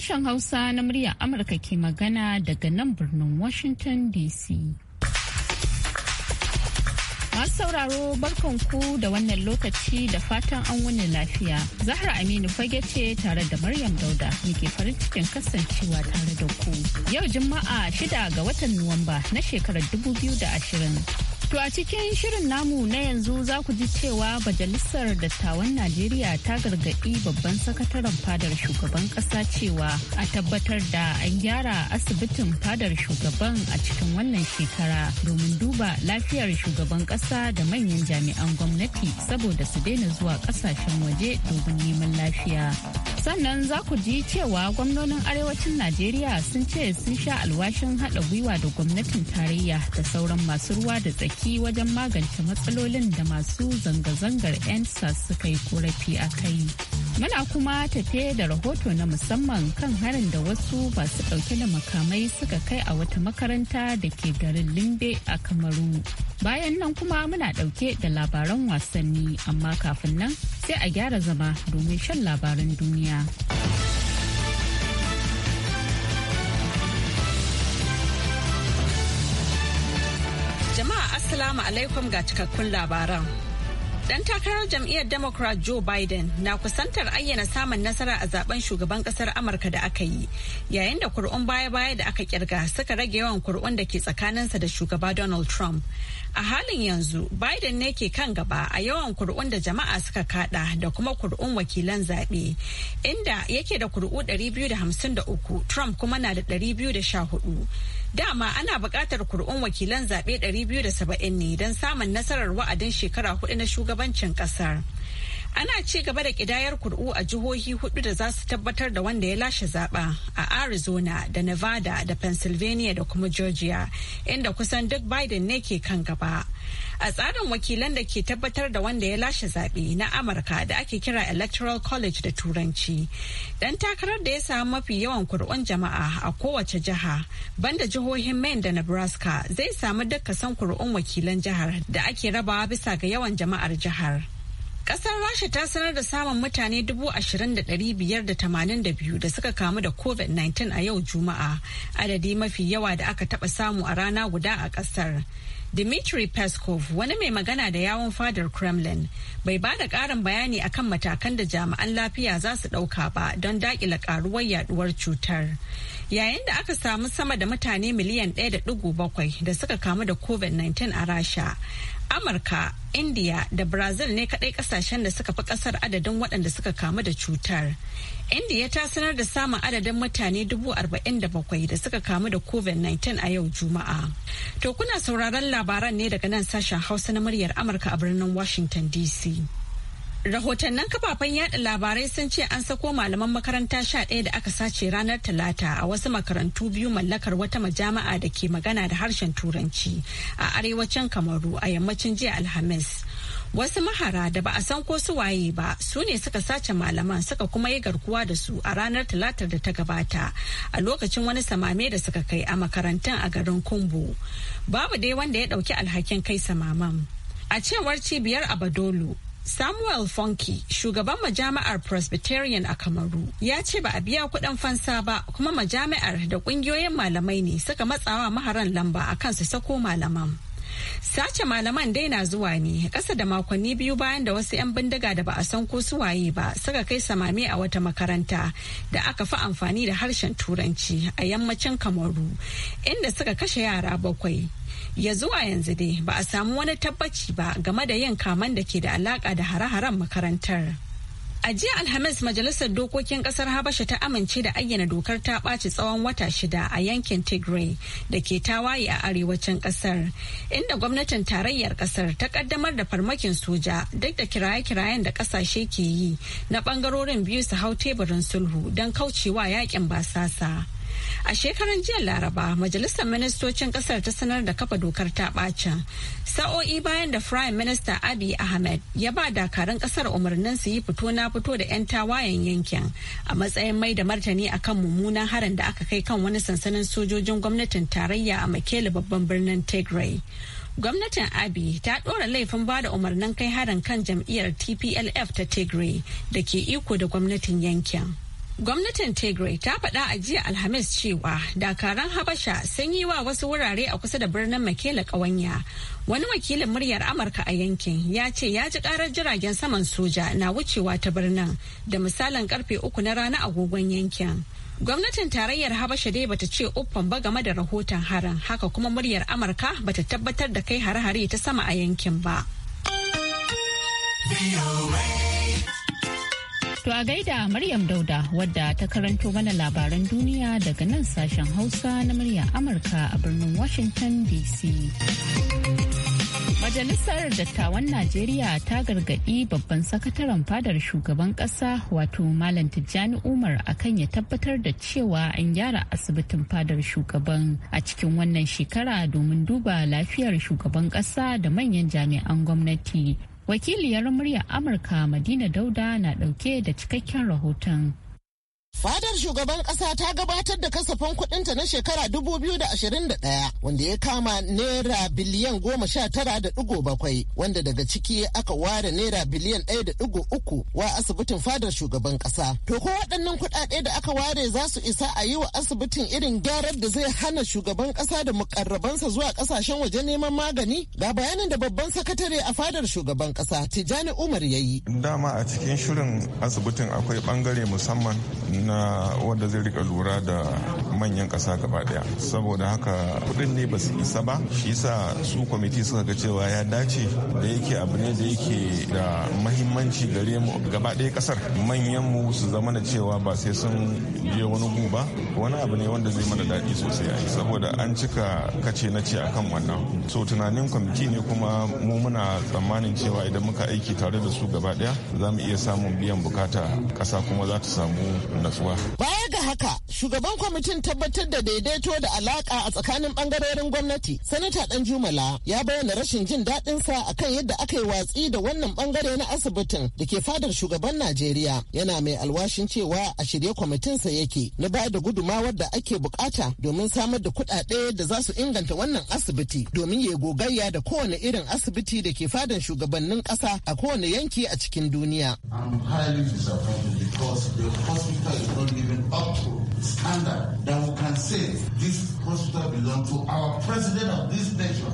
Sashen Hausa na muryar Amurka ke magana daga nan birnin Washington DC. Masu sauraro barkanku da wannan lokaci da fatan an wani lafiya. Zahra Aminu fage ce tare da Maryam Dauda muke farin cikin kasancewa tare da ku. Yau Juma'a shida ga watan Nuwamba na shekarar 2020. To a cikin shirin namu na yanzu za ku ji cewa Majalisar Dattawan Najeriya ta gargaɗi babban sakataren fadar shugaban ƙasa cewa a tabbatar da an gyara asibitin fadar shugaban a cikin wannan shekara domin duba lafiyar shugaban ƙasa da manyan jami'an gwamnati saboda su daina zuwa ƙasashen waje domin neman lafiya. Sannan za ku ji cewa gwamnonin arewacin Najeriya sun ce sun sha alwashin haɗa gwiwa da gwamnatin tarayya da sauran masu ruwa da tsaki. baki wajen magance matsalolin da masu zanga-zangar 'yan suka yi korafi a kai. Muna kuma tafe da rahoto na musamman kan harin da wasu masu ɗauke da makamai suka kai a wata makaranta da ke garin Limbe a Kamaru. Bayan nan kuma muna ɗauke da labaran wasanni amma kafin nan sai a gyara zama domin shan labaran duniya. Assalamu alaikum ga cikakkun labaran. Dan takarar jam'iyyar Democrat Joe Biden na kusantar ayyana samun nasara a zaben shugaban kasar Amurka da aka yi, yayin da kur'un baya-baya da aka kirga suka rage yawan kur'un da ke tsakaninsa da shugaba Donald Trump. A halin yanzu, Biden ne ke kan gaba a yawan kur'un da jama'a suka kada da kuma kur'un wakilan zabe inda yake da kur'u 253, Trump kuma na da 214. Dama ana buƙatar kur'un wakilan zaɓe 270 ne don samun nasarar wa'adin shekara hudu na shugaban shugabancin Casar ana ci gaba da kidayar kur'u a jihohi hudu da za su tabbatar da wanda ya lashe zaba a arizona da nevada da pennsylvania da kuma georgia inda kusan duk biden ne ke kan gaba a tsarin wakilan da ke tabbatar da wanda ya lashe zaɓe na amurka da ake kira electoral college da turanci dan takarar da ya samu mafi yawan kur'un jama'a a kowace jiha banda jihohin maine da nebraska zai samu duk kasan kur'un wakilan jihar da ake rabawa bisa ga yawan jama'ar jihar Ƙasar Rasha ta sanar da samun mutane ashirin da suka kamu da COVID-19 a yau Juma'a, adadi mafi yawa da aka taɓa samu a rana guda a ƙasar. Dmitry Peskov, wani mai magana da yawon fadar Kremlin, bai ba da ƙarin bayani akan matakan da jami'an lafiya za su ɗauka ba don daƙila ƙaruwar yaɗuwar cutar. Yayin da aka samu sama da mutane miliyan 1.7 da suka kamu da COVID-19 a Rasha, amurka india da brazil ne kadai kasashen da suka fi kasar adadin waɗanda suka kamu da cutar india ta sanar da samun adadin mutane 47,000 da suka kamu da covid-19 a yau juma'a to kuna sauraron labaran ne daga nan sashen hausa na muryar amurka a birnin washington dc rahotannin kafafen yada labarai sun ce an sako malaman makaranta sha ɗaya da aka sace ranar talata a wasu makarantu biyu mallakar wata majama'a da ke magana da harshen turanci a arewacin kamaru a yammacin jiya alhamis wasu mahara da ba a san ko su waye ba su ne suka sace malaman suka kuma yi garkuwa da su a ranar talatar da ta gabata a lokacin wani samame da suka kai a makarantun a garin kumbu babu dai wanda ya ɗauki alhakin kai samaman a cewar cibiyar abadolu Samuel Funky, shugaban majami'ar Presbyterian a Kamaru, ya ce ba a biya kuɗin fansa ba kuma majami'ar da ƙungiyoyin malamai ne suka matsawa maharan lamba a kan su sako malaman. Sace malaman dai na zuwa ne ƙasa da makonni biyu bayan da wasu 'yan bindiga da ba a san ko su waye ba suka kai samame a wata makaranta da aka fi amfani da harshen turanci a yammacin Kamaru inda suka kashe yara bakwai. ya zuwa yanzu dai ba a samu wani tabbaci ba game da yin kaman da ke da alaka da hare-haren makarantar a jiya alhamis majalisar dokokin kasar habasha ta amince da ayyana dokar ta ɓaci tsawon wata shida a yankin tigray da ke tawaye a arewacin kasar inda gwamnatin tarayyar kasar ta kaddamar da farmakin soja duk da kiraye-kirayen da ƙasashe ke yi na ɓangarorin biyu su hau teburin sulhu don kaucewa yakin basasa A shekaran jiya Laraba, Majalisar Ministocin Kasar ta sanar da kafa dokar ta ɓacin. Sa'o'i bayan da Prime Minister Abiy Ahmed ya ba dakarun kasar umarnin su yi fito na fito da 'yan tawayen yankin a matsayin mai da martani akan mummunan harin da aka kai kan wani sansanin sojojin gwamnatin tarayya a Makele babban birnin Tigray. gwamnatin abi ta ɗora laifin bada umarnin kai harin kan jam'iyyar tplf ta tigray da ke iko da gwamnatin yankin Gwamnatin Tigray ta faɗa a jiya Alhamis cewa dakaran Habasha sun yi wa wasu wurare a kusa da birnin Makela ƙawanya. Wani wakilin muryar Amurka a yankin ya ce ya ji ƙarar jiragen saman soja na wucewa ta birnin da misalin karfe uku na rana agogon yankin. Gwamnatin tarayyar Habasha dai bata ce uffan ba game da rahoton harin haka kuma muryar Amurka bata tabbatar da kai hare-hare ta sama a yankin ba. To a gaida Maryam Dauda wadda ta karanto mana labaran duniya daga nan sashen Hausa na murya Amurka a birnin Washington DC. Majalisar Dattawan Najeriya ta gargaɗi babban sakataren fadar shugaban ƙasa wato Malam Tijjani Umar akan ya tabbatar da cewa an gyara asibitin fadar shugaban a cikin wannan shekara domin duba lafiyar shugaban ƙasa da manyan jami'an gwamnati wakiliyar muryar amurka madina dauda na dauke da cikakken rahoton Fadar shugaban ƙasa ta gabatar da kasafin kuɗinta na shekara 2021 wanda ya kama naira biliyan goma da 19.7 wanda daga ciki aka ware naira biliyan ɗaya 1.3 wa asibitin fadar shugaban ƙasa. To ko waɗannan kuɗaɗe da aka ware za su isa a yi wa asibitin irin gyarar da zai hana shugaban ƙasa da mukarrabansa zuwa ƙasashen waje neman magani? Ga bayanin da babban sakatare a fadar shugaban ƙasa tijani Umar ya yi. Dama a cikin shirin asibitin akwai bangare musamman na wanda zai rika lura da manyan kasa gaba daya saboda haka kuɗin ne ba su isa ba shi yasa su kwamiti suka ga cewa ya dace da yake abu ne da yake da mahimmanci gare mu gaba daya kasar manyan mu su zama da cewa ba sai sun je wani gu ba wani abu ne wanda zai mana daɗi sosai a saboda an cika kace na ce akan wannan so tunanin kwamiti ne kuma mu muna tsammanin cewa idan muka aiki tare da su gaba daya za mu iya samun biyan bukata ƙasa kuma za ta samu Baya ga haka, shugaban kwamitin tabbatar da daidaito da alaka a tsakanin bangarorin gwamnati, Sanata Dan Jumala ya bayyana rashin jin daɗin sa akan yadda aka yi watsi da wannan bangare na asibitin da ke fadar shugaban Najeriya. Yana mai alwashin cewa a shirye kwamitinsa yake na ba da gudumawar da ake bukata domin samar da kuɗaɗe da za su inganta wannan asibiti domin ya gogayya da kowane irin asibiti da ke fadan shugabannin ƙasa a kowane yanki a cikin duniya. danjumala not up to standard that we can say this hospital belongs to our president of this nation.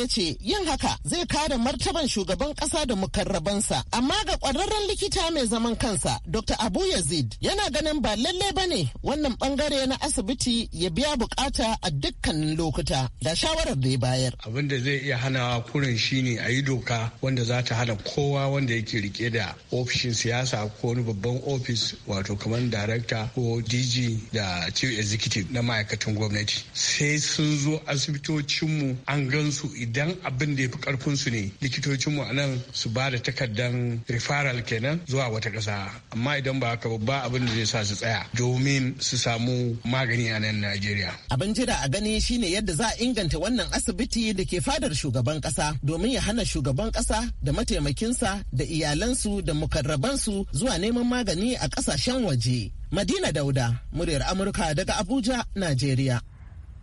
ya ce yin haka zai kare martaban shugaban kasa da mukarrabansa amma ga kwararren likita mai zaman kansa Dr. Abu Yazid yana ganin ba lalle ne wannan bangare na asibiti ya biya bukata a dukkanin lokuta da shawarar da ya bayar. Abin da zai iya hanawa kurin shine a yi doka wanda za ta hana kowa wanda yake rike da ofishin siyasa ko wani babban ofis wato kamar babban darakta ko dg da chief executive na ma'aikatan gwamnati sai sun zo asibitocinmu an gansu idan abin da ya fi karfinsu ne likitocinmu a nan su ba da takardar referral kenan zuwa wata ƙasa amma idan ba haka ba abin da zai sa su tsaya domin su samu magani a nan najeriya abin jira a gani shine yadda za a inganta wannan asibiti da ke fadar shugaban ƙasa domin ya hana shugaban ƙasa da mataimakinsa da iyalansu da mukarrabansu zuwa neman magani a kasashen waje Madina Dauda, muryar Amurka daga Abuja, Najeriya.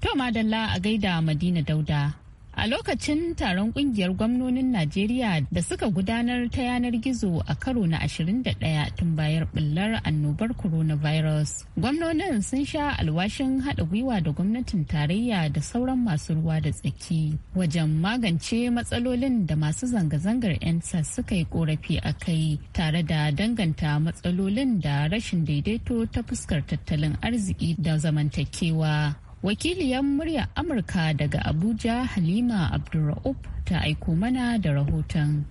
To Madalla a gaida Madina Dauda. A lokacin taron kungiyar gwamnonin Najeriya da suka gudanar ta yanar gizo a karo na 21 tun bayar bullar annobar coronavirus. Gwamnonin sun sha alwashin haɗa gwiwa da gwamnatin tarayya da sauran masu ruwa da tsaki wajen magance matsalolin da masu zanga-zangar 'yansa suka yi korafi a kai tare da danganta matsalolin da rashin daidaito ta fuskar tattalin arziki da zamantakewa. wakiliyan murya amurka daga abuja halima abdulra'uf ta aiko mana da rahoton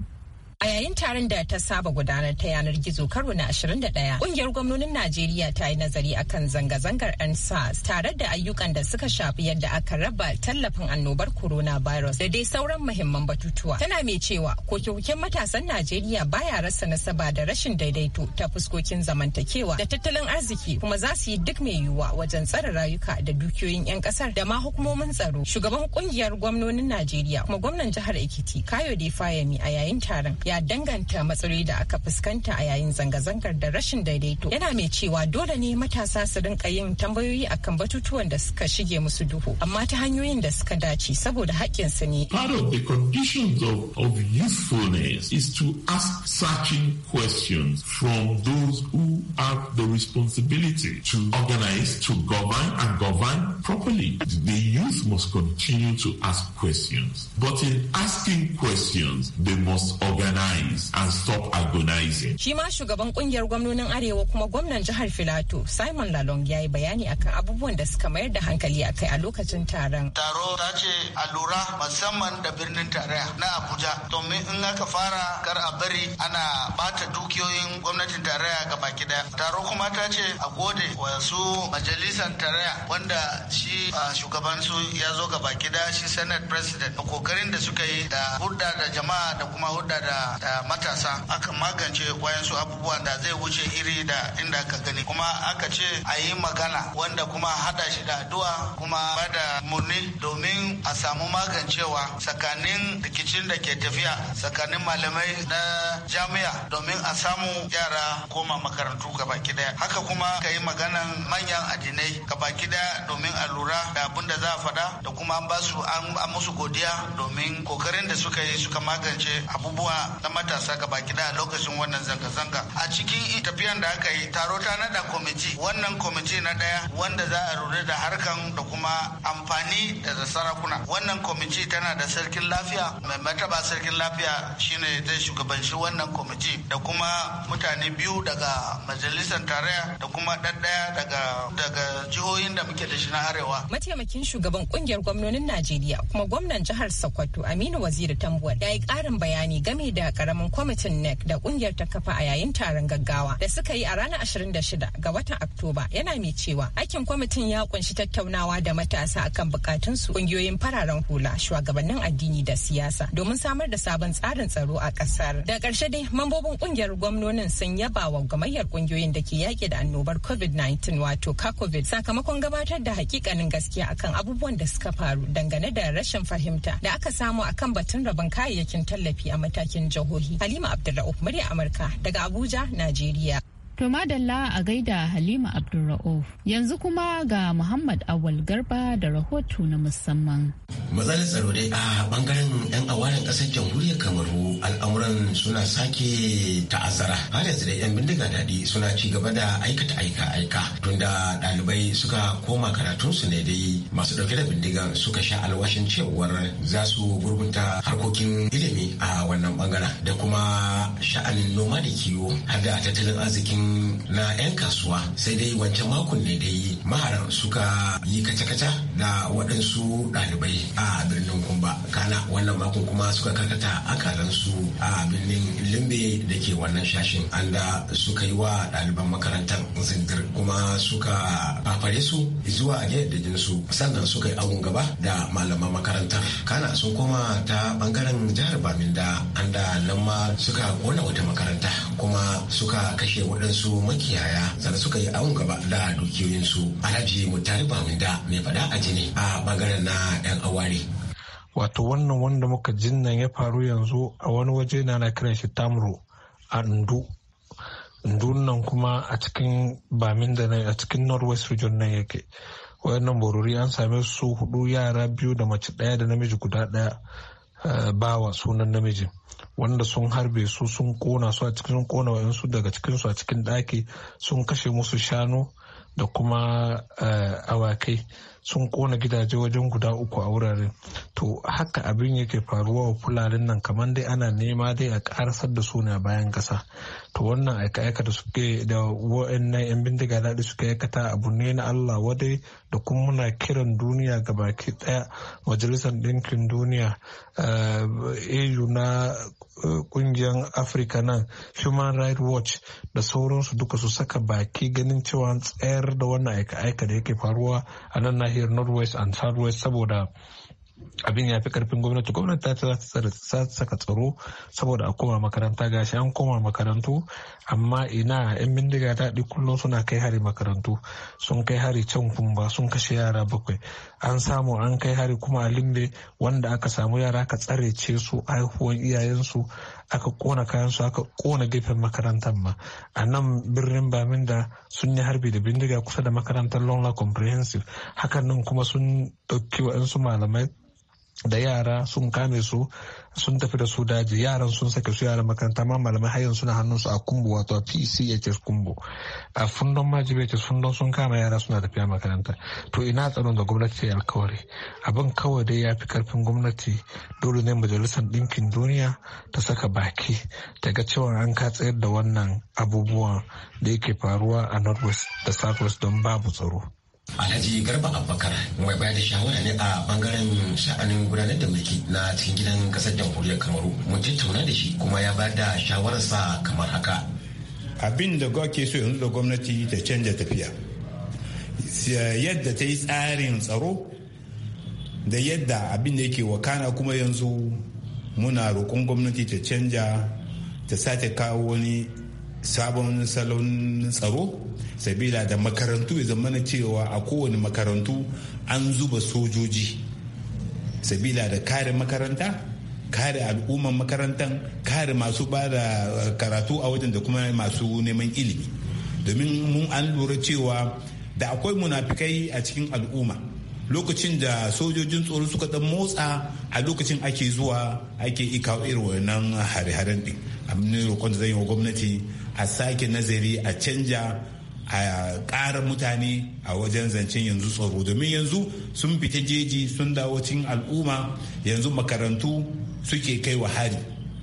A yayin taron da ta saba gudanar ta yanar gizo karo na 21, kungiyar gwamnonin Najeriya ta yi nazari akan zanga-zangar NSAS tare da ayyukan da suka shafi yadda aka raba tallafin annobar corona coronavirus da dai sauran mahimman batutuwa. Tana mai cewa koke-koken matasan Najeriya baya rasa nasaba da rashin daidaito ta fuskokin zamantakewa da tattalin arziki kuma za su yi duk mai yiwuwa wajen tsare rayuka da dukiyoyin 'yan kasar da ma hukumomin tsaro. Shugaban kungiyar gwamnonin Najeriya kuma gwamnan jihar Ekiti Kayode Fayemi a yayin taron ya ya danganta matsaloli da aka fuskanta a yayin zanga-zangar da rashin daidaito yana mai cewa dole ne matasa su rinka yin tambayoyi akan batutuwan da suka shige musu duhu amma ta hanyoyin da suka dace saboda haƙƙinsu ne. Part of the conditions of, of usefulness is to ask searching questions from those who have the responsibility to organize, to govern and govern properly. The youth must continue to ask questions. But in asking questions, they must organize organize and stop agonizing. Shi ma shugaban kungiyar gwamnonin Arewa kuma gwamnan jihar Filato Simon Lalong ya yi bayani akan abubuwan da suka mayar da hankali a kai a lokacin taron. Taro ta ce a lura musamman da birnin tarayya na Abuja domin in aka fara kar a bari ana bata dukiyoyin gwamnatin tarayya ga baki daya. Taro kuma ta ce a gode wa su majalisar tarayya wanda shi shugaban su ya zo ga baki daya shi Senate President a kokarin da suka yi da hudda da jama'a da kuma hudda da da matasa aka magance wayansu abubuwan da zai wuce iri da inda aka gani kuma aka ce a yi magana wanda kuma hada shi da addu'a kuma bada murni domin a samu magancewa tsakanin rikicin da ke tafiya tsakanin malamai na jami'a domin a samu yara koma makarantu gabaki daya haka kuma ka yi maganan manyan addinai gabaki daya domin a lura da abin da za a faɗa da kuma an ba su an musu godiya domin kokarin da suka yi suka magance abubuwa na matasa gaba gida a lokacin wannan zanga-zanga a cikin tafiyan da aka yi taro ta nada kwamiti wannan kwamiti na daya wanda za a rure da harkan da kuma amfani da sarakuna wannan kwamiti tana da sarkin lafiya mai mataba sarkin lafiya shine zai shugabanci wannan kwamiti da kuma mutane biyu daga majalisar tarayya da kuma ɗaɗɗaya daga daga jihohin da muke da shi na arewa mataimakin shugaban kungiyar gwamnonin najeriya kuma gwamnan jihar sokoto aminu waziri tambuwar ya yi ƙarin bayani game da a karamin kwamitin nec da kungiyar ta kafa a yayin taron gaggawa da suka yi a ranar 26 ga watan oktoba yana mai cewa aikin kwamitin ya kunshi tattaunawa da matasa akan su kungiyoyin fararen hula shugabannin addini da siyasa domin samar da sabon tsarin tsaro a kasar da karshe dai mambobin kungiyar gwamnonin sun yaba wa gamayyar kungiyoyin da ke yaki da annobar covid-19 wato covid sakamakon gabatar da hakikanin gaskiya akan abubuwan da suka faru dangane da rashin fahimta da aka samu akan batun rabin kayayyakin tallafi a matakin jihohi halima abdulra'uf murya amurka daga abuja najeriya To madalla a gaida Halima Abdulra'uf yanzu kuma ga Muhammad Awal Garba da rahoto na musamman. Matsalar tsaro dai a bangaren 'yan awarin ƙasar jamhuriyar Kamaru al'amuran suna sake ta'azzara. Har yanzu dai 'yan bindiga daɗi suna ci gaba da aikata aika-aika tunda ɗalibai suka koma karatunsu ne dai masu ɗauke da bindiga suka sha alwashin cewar za su gurgunta harkokin ilimi a wannan bangaren da kuma sha'anin noma da kiwo har da tattalin arzikin na 'yan kasuwa sai dai wancan makon ne dai maharan suka yi kaca-kaca da waɗansu ɗalibai a birnin kumba kana wannan makon kuma suka karkata akalansu a birnin limbe da ke wannan shashin an suka yi wa ɗaliban makarantar zindir kuma suka fafare su zuwa da jinsu, sannan suka yi abun gaba da malaman makarantar kana sun koma ta bangaren jihar baminda an da nan ma suka kona wata makaranta kuma suka kashe waɗansu su makiyaya sannan suka yi awon gaba da dukiyoyinsu alhaji mutari da mai faɗa a jini a bangaren na 'yan aware wato wannan wanda muka jinnan ya faru yanzu a wani waje na na kiran shi tamro a ndu nan kuma a cikin bamin da a cikin northwest region nan yake wayannan borori an same su hudu yara biyu da mace daya da namiji guda daya eh, bawa sunan namijin wanda sun harbe su sun kona su a cikin kona wayansu daga cikin su a cikin daki sun kashe musu shanu da kuma eh, awakai sun kona gidaje wajen guda uku a wuraren to haka abin yake faruwa wa fulanin nan kamar dai ana nema dai a karasar da su na bayan kasa to wannan aika-aika da suke da wa'annan yan bindiga daɗi suke aikata abu ne na allah wadai da kuma muna kiran duniya ga baki ɗaya majalisar ɗinkin duniya eh, au na kungiyar eh, afirka nan human rights watch da sauransu duka su saka baki ganin cewa tsayar da wannan aika-aika da yake faruwa a nan na nahiyar northwest and southwest saboda abin ya fi karfin gwamnati gwamnati ta za ta saka tsaro saboda a koma makaranta gashi an koma makarantu amma ina yan bindiga daɗi kullum suna kai hari makarantu sun kai hari can kumba sun kashe yara bakwai an samu an kai hari kuma a limbe wanda aka samu yara ka tsare ce su haihuwan iyayensu aka kona kayansu aka kona gefen makarantar ma a nan birnin baminda sun yi harbi da bindiga kusa da makarantar longla comprehensive hakan nan kuma sun ɗauki waɗansu malamai da yara sun kame su sun tafi da su daji yaran sun sake su yaran makaranta ma malamai har yanzu suna hannun su a kumbu wato a pchs kumbu a fundon ma jibhs fundon sun kama yara suna tafiya makaranta to ina tsaron da gwamnati ta alkawari abin kawai dai ya fi karfin gwamnati dole ne majalisar ɗinkin duniya ta saka baki ta ga cewa an ka tsayar da wannan abubuwan da yake faruwa a northwest da southwest don babu tsaro. Alhaji Garba Abubakar mai bayar da shawara ne a bangaren sha'anin gudanar da mulki na cikin gidan kasar jamhuriyar Kamaru. Mun tattauna da shi kuma ya bayar da shawararsa kamar haka. Abin da ke so yanzu da gwamnati ta canja tafiya. Yadda ta yi tsarin tsaro da yadda abin da yake wakana kuma yanzu muna roƙon gwamnati ta canja ta sake kawo wani sabon salon tsaro sabila da makarantu ya zama cewa a kowane makarantu an zuba sojoji sabila da kare makaranta kare al'umman makarantan kare masu ba da karatu a wajen da kuma masu neman ilimi domin mun an lura cewa da akwai munafikai a cikin al'umma lokacin da sojojin tsoro suka dan motsa a lokacin ake zuwa ake ikawo irin wannan hare-haren din abin roƙon da zan yi wa gwamnati a sake nazari a canja a ƙara mutane a wajen zancen yanzu tsoro domin yanzu sun fita jeji sun dawo cikin al'umma yanzu makarantu suke kai wa hari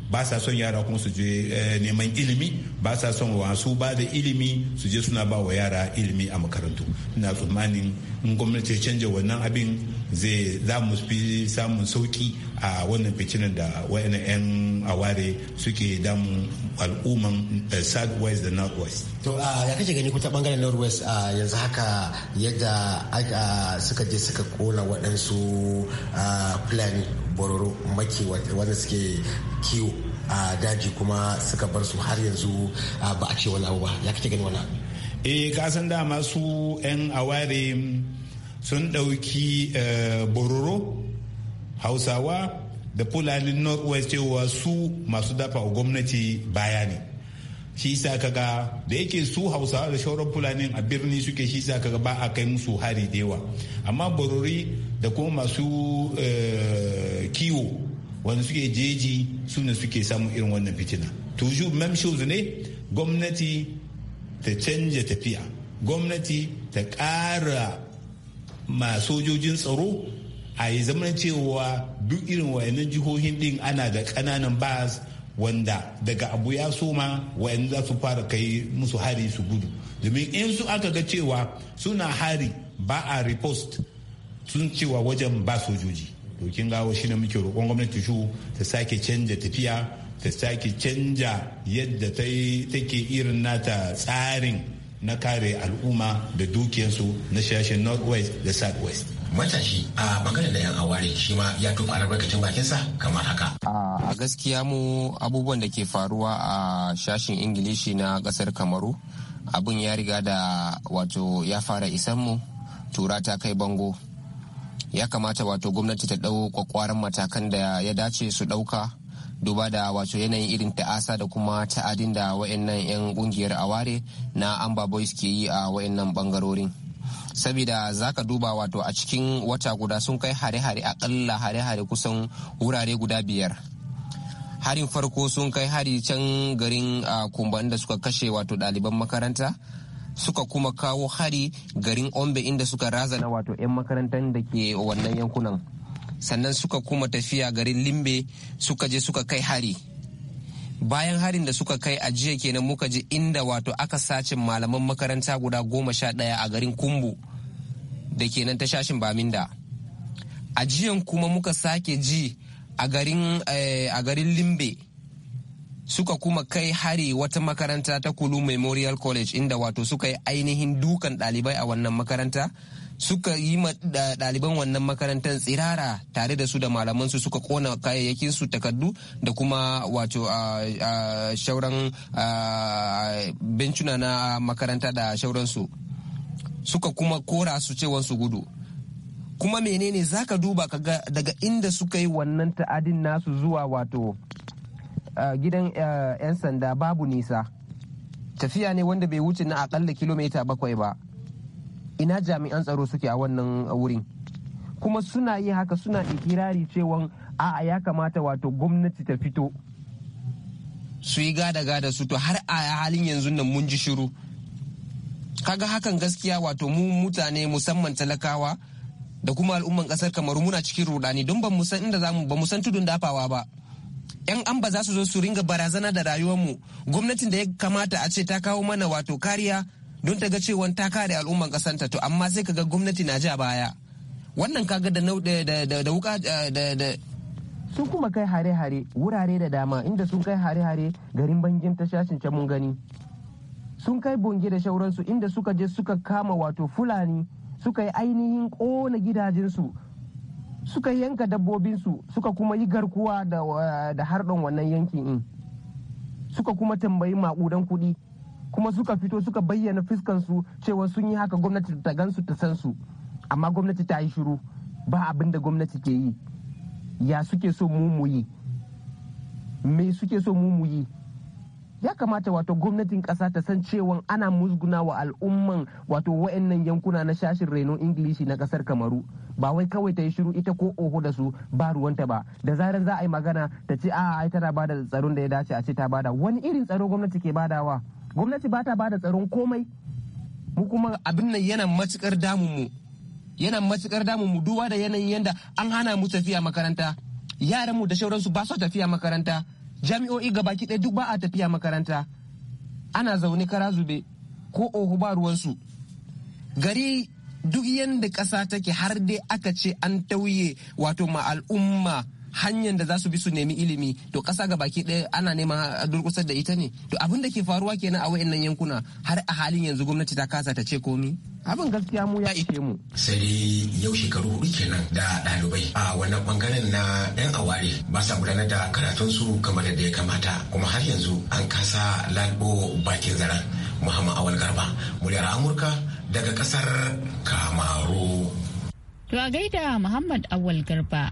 ba sa son yara kuma su je eh, neman ilimi ba sa son wasu ba da ilimi su je suna ba wa yara ilimi a makarantu ina tsammanin in gwamnati canja wannan abin zai za mu fi samun sauki a wannan fitinan da wayan 'yan aware suke damun al'umman eh, southwest da northwest to ah, ya kace gani kuta bangaren northwest ah, yanzu haka yadda ah, suka je suka kona waɗansu plan bororo maki wanda suke kiwo a daji kuma suka bar su har yanzu ba a ce wani abu ba ya kace gani wani abu eh ka san dama su 'yan aware sun ɗauki eh, bororo hausawa da fulani northwest cewa su masu dafa gwamnati baya ne shi sa kaga da yake su hausawa da shauran fulani a birni suke shi sa kaga ba a kai musu hari da yawa amma borori da kuma masu eh, kiwo wanda suke jeji su ne suke samu irin wannan fitina toujours même ne gwamnati ta canja tafiya gwamnati ta ƙara ma sojojin tsaro a yi zaman cewa duk irin wayannan jihohin din ana da ƙananan bas wanda daga abu ya soma wayan za su fara kai musu hari su gudu domin in su aka ga cewa suna hari ba a repost sun cewa wajen ba sojoji Dokin gawa shi shine muke roƙon gwamnati shu ta sake canja tafiya ta sake canja yadda take irin nata tsarin na kare al'umma da dukiyarsu na shashin northwest da southwest matashi a bangaren da yan aware shi ma ya tofa albarkacin bakinsa kamar haka. A gaskiya mu abubuwan da ke faruwa a shashin Ingilishi na kasar Kamaru abin ya riga da wato ya fara isan mu tura ta kai bango. Ya kamata wato gwamnati ta ɗau kwakwaran matakan da ya dace su ɗauka duba da wato yanayin irin ta'asa da kuma ta'adin da wayannan 'yan kungiyar aware na amba boys ke yi a wayannan bangarorin saboda za ka duba wato a cikin wata guda sun kai hare-hare akalla hare-hare kusan wurare guda biyar harin farko sun kai hari can garin kumba da suka kashe wato ɗaliban makaranta suka kuma kawo hari garin ombe inda suka razana wato 'yan makarantar da ke wannan yankunan sannan suka kuma tafiya garin limbe suka je suka kai hari bayan harin da suka kai a jiya kenan muka je inda wato aka sace malaman makaranta guda goma sha ɗaya a garin kumbu da kenan ta shashin baminda Ajiyan kuma muka sake ji eh, a garin limbe suka kuma kai hari wata makaranta ta kulu memorial college inda wato suka yi ainihin dukan ɗalibai a wannan makaranta suka yi ɗaliban wannan makarantar tsirara tare da su da malamansu suka kona kayayyakin su takardu da kuma wato shauran bencuna na makaranta da shauransu suka kuma kora su su gudu kuma menene za ka duba daga inda suka yi wannan ta'adin nasu zuwa wato gidan 'yan sanda babu nisa tafiya ne wanda bai wuce na akalla kilomita bakwai ba ina jami'an tsaro suke a wannan wurin kuma suna yi haka suna ikirari cewa a'a ya kamata wato gwamnati ta fito su yi gada gada su to har a halin yanzu nan mun ji shiru kaga hakan gaskiya wato mu mutane musamman talakawa da kuma al'umman kasar kamar muna cikin rudani don ba mu san inda zamu ba san tudun dafawa ba yan an ba za su zo su ringa barazana da rayuwar mu. gwamnatin da ya kamata a ce ta kawo mana wato kariya don ta ga cewa ta kare al'umman kasanta to amma sai kaga gwamnati na ja baya wannan kaga da da wuka da sun kuma kai hare-hare wurare da dama inda sun kai hare-hare garin bangin ta shashin can mun gani sun kai bonge da shauransu inda suka je suka kama wato fulani suka yi ainihin kona gidajensu suka yanka dabbobinsu suka kuma yi garkuwa da harɗon wannan yankin in suka kuma tambayi maƙudan kuɗi kuma suka fito suka bayyana fuskan su cewa sun yi haka gwamnati ta gansu ta san su amma gwamnati ta yi shiru ba abin da gwamnati ke yi ya suke so mu mu yi me suke so mu mu yi ya kamata wato gwamnatin kasa ta san cewa ana musguna wa al'umman wato wa'annan yankuna na shashin reno ingilishi na kasar kamaru ba wai kawai ta yi shiru ita ko oho da su ba ruwanta ba da zarar za a yi magana ta ce a ai tana bada tsaron da ya dace a ce ta bada wani irin tsaro gwamnati ke badawa gwamnati ba ta bada tsaron komai mu kuma abin nan yana matukar damun mu yana matukar damun mu duba da yanayin yanda an hana mu tafiya makaranta yaran mu da shauransu ba su tafiya makaranta jami'o'i gabaki ɗaya duk ba a tafiya makaranta ana zaune kara zube ko ohu ba ruwansu gari duk yadda ƙasa take har dai aka ce an tauye wato ma al'umma hanyar da za su bi su nemi ilimi to ƙasa ga baki ɗaya ana neman durƙusar da ita ne to abin da ke faruwa kenan a wayannan yankuna har a halin yanzu gwamnati ta kasa ta ce komi abin gaskiya mu ya ishe mu sai yau shekaru hudu kenan da ɗalibai a wannan bangaren na yan aware ba sa gudanar da su kamar da ya kamata kuma har yanzu an kasa lalbo bakin zaren muhammad awal garba muryar amurka daga ƙasar kamaru to a gaida muhammad awal garba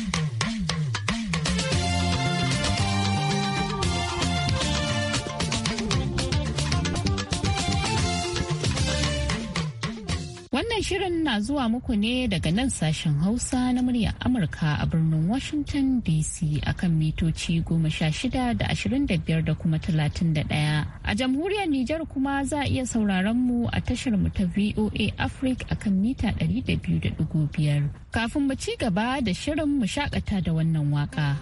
Shirin na zuwa muku ne daga nan sashen Hausa na muryar Amurka a birnin Washington DC akan mitoci goma sha shida da ashirin da biyar da kuma talatin da ɗaya. A jamhuriyar Nijar kuma za a iya sauraron mu a tashar mu ta VOA Africa akan mita ɗari da da ɗigo biyar. Kafin mu ci gaba da shirin mu shakata da wannan waka.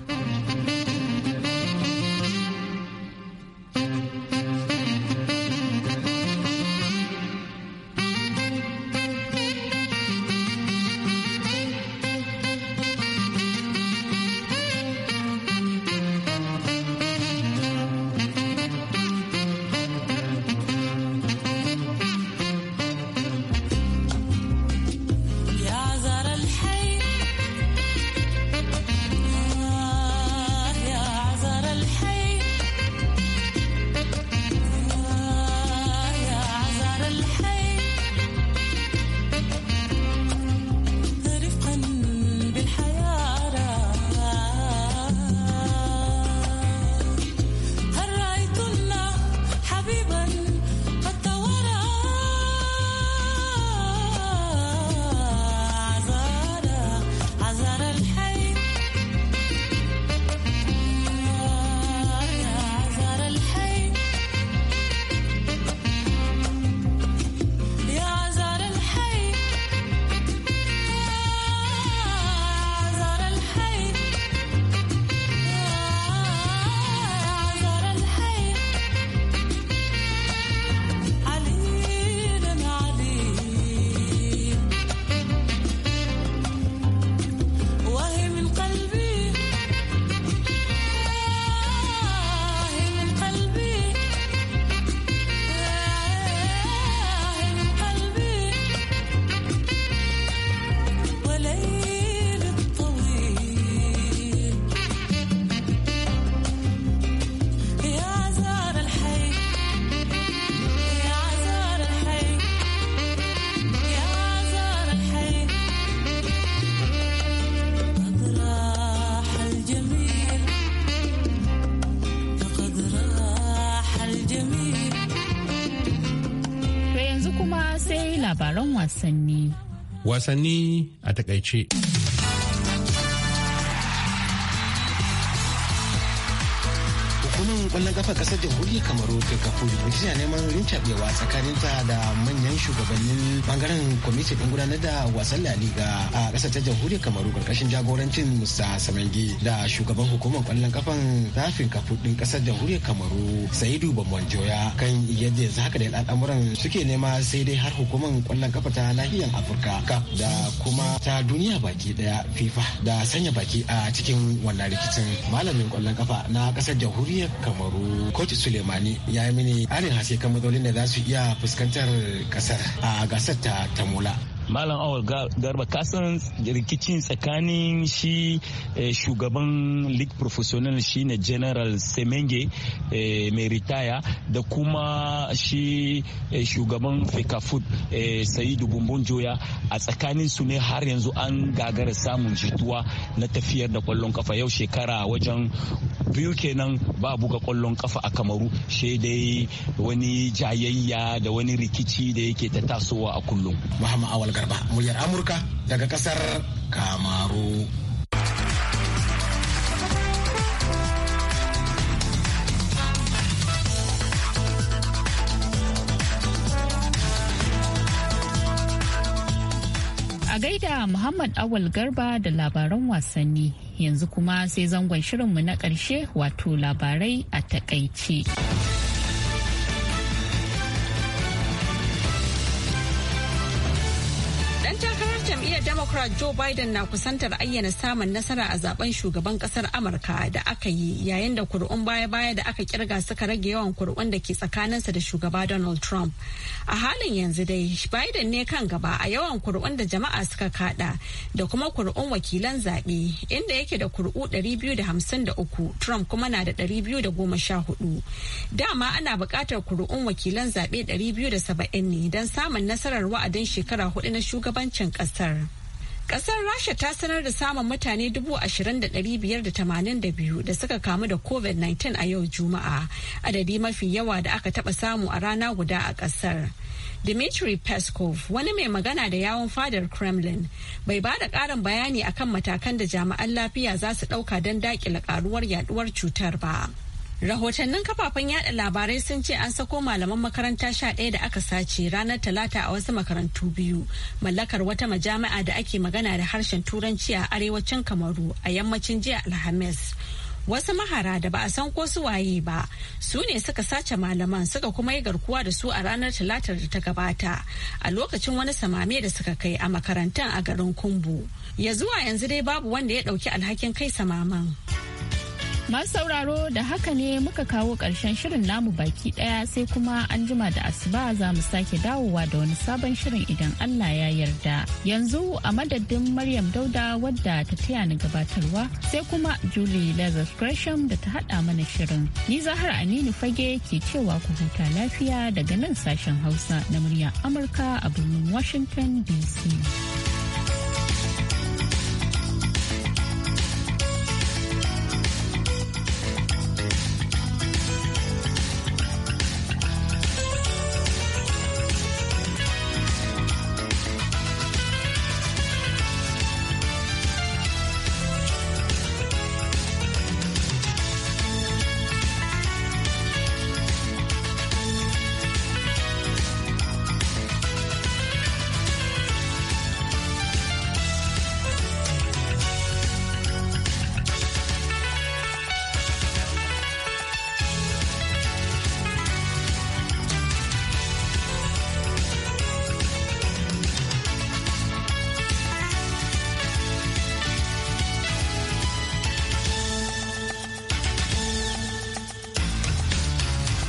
wasanni. Wasanni a takaice. kwallon kafa kasar jamhuriyar kamaru kafu tana neman tsakanin ta da manyan shugabannin bangaren kwamitin din gudanar da wasan la liga a kasar ta jamhuriyar kamaru karkashin jagorancin musa samangi da shugaban hukumar kwallon kafan zafin kafu din kasar jamhuriyar kamaru saidu bambanjoya kan yadda yanzu haka da al'amuran suke nema sai dai har hukumar kwallon kafa ta nahiyar afirka kaf da kuma ta duniya baki daya fifa da sanya baki a cikin wannan rikicin malamin kwallon kafa na kasar jamhuriyar kamaru kamaru coach sulemani ya yi mini arin haske kan matsalolin da za su iya fuskantar kasar a gasar ta tamula malam awal garba kasan rikicin tsakanin shi eh, shugaban league professional shine general semenge eh, mai ritaya da kuma shi eh, shugaban food sa'idu bumbun joya a tsakanin su ne har yanzu an gagara samun jituwa na tafiyar da kwallon kafa yau shekara wajen biyu kenan ba buga kwallon kafa a kamaru shi dai wani jayayya da wani rikici da yake ta tasowa a kullum. Muhammad Awal Garba, muryar Amurka daga kasar Kamaru. A gaida Muhammad Awal Garba da labaran wasanni yanzu kuma sai zangon shirinmu na ƙarshe wato labarai a takaice. democrat joe biden na kusantar ayyana samun nasara a zaben shugaban kasar amurka da aka yi yayin da kuri'un baya-baya da aka kirga suka rage yawan kuri'un da ke tsakaninsa da shugaba donald trump a halin yanzu dai biden ne kan gaba a yawan kuri'un da jama'a suka kada da kuma kuri'un wakilan zaɓe inda yake da kuri'u 253 trump kuma na da 214 dama ana buƙatar kuri'un wakilan zaɓe 270 ne don samun nasarar wa'adin shekara hudu na shugabancin kasar. Kasar Rasha ta sanar da samun mutane 20,582 da suka kamu da COVID-19 a yau Juma'a, adadi mafi yawa da aka taba samu a rana guda a kasar. Dmitry Peskov, wani mai magana da yawon fadar Kremlin, bai ba da ƙarin bayani akan matakan da jami'an lafiya za su ɗauka don daƙile ƙaruwar yaduwar cutar ba. Rahotannin kafafen yada labarai sun ce an sako malaman makaranta sha ɗaya da aka sace ranar talata a wasu makarantu biyu mallakar wata majami'a da ake magana da harshen turanci a arewacin kamaru a yammacin jiya alhamis. wasu mahara da ba a san ko su waye ba su ne suka sace malaman suka kuma yi garkuwa da su a ranar talatar da ta gabata a lokacin wani samame da suka kai a makarantar a garin kumbu ya zuwa yanzu dai babu wanda ya dauki alhakin kai samaman Masu sauraro da haka ne muka kawo ƙarshen shirin namu baki ɗaya sai kuma an jima da asuba za mu sake dawowa da wani sabon shirin idan Allah ya yarda. Yanzu a madadin Maryam Dauda wadda ta taya ni gabatarwa sai kuma Julie Lazarus Gresham da ta haɗa mana shirin. Ni zahar Aminu Fage ke cewa ku huta lafiya daga nan sashen Hausa na murya Amurka a birnin Washington DC.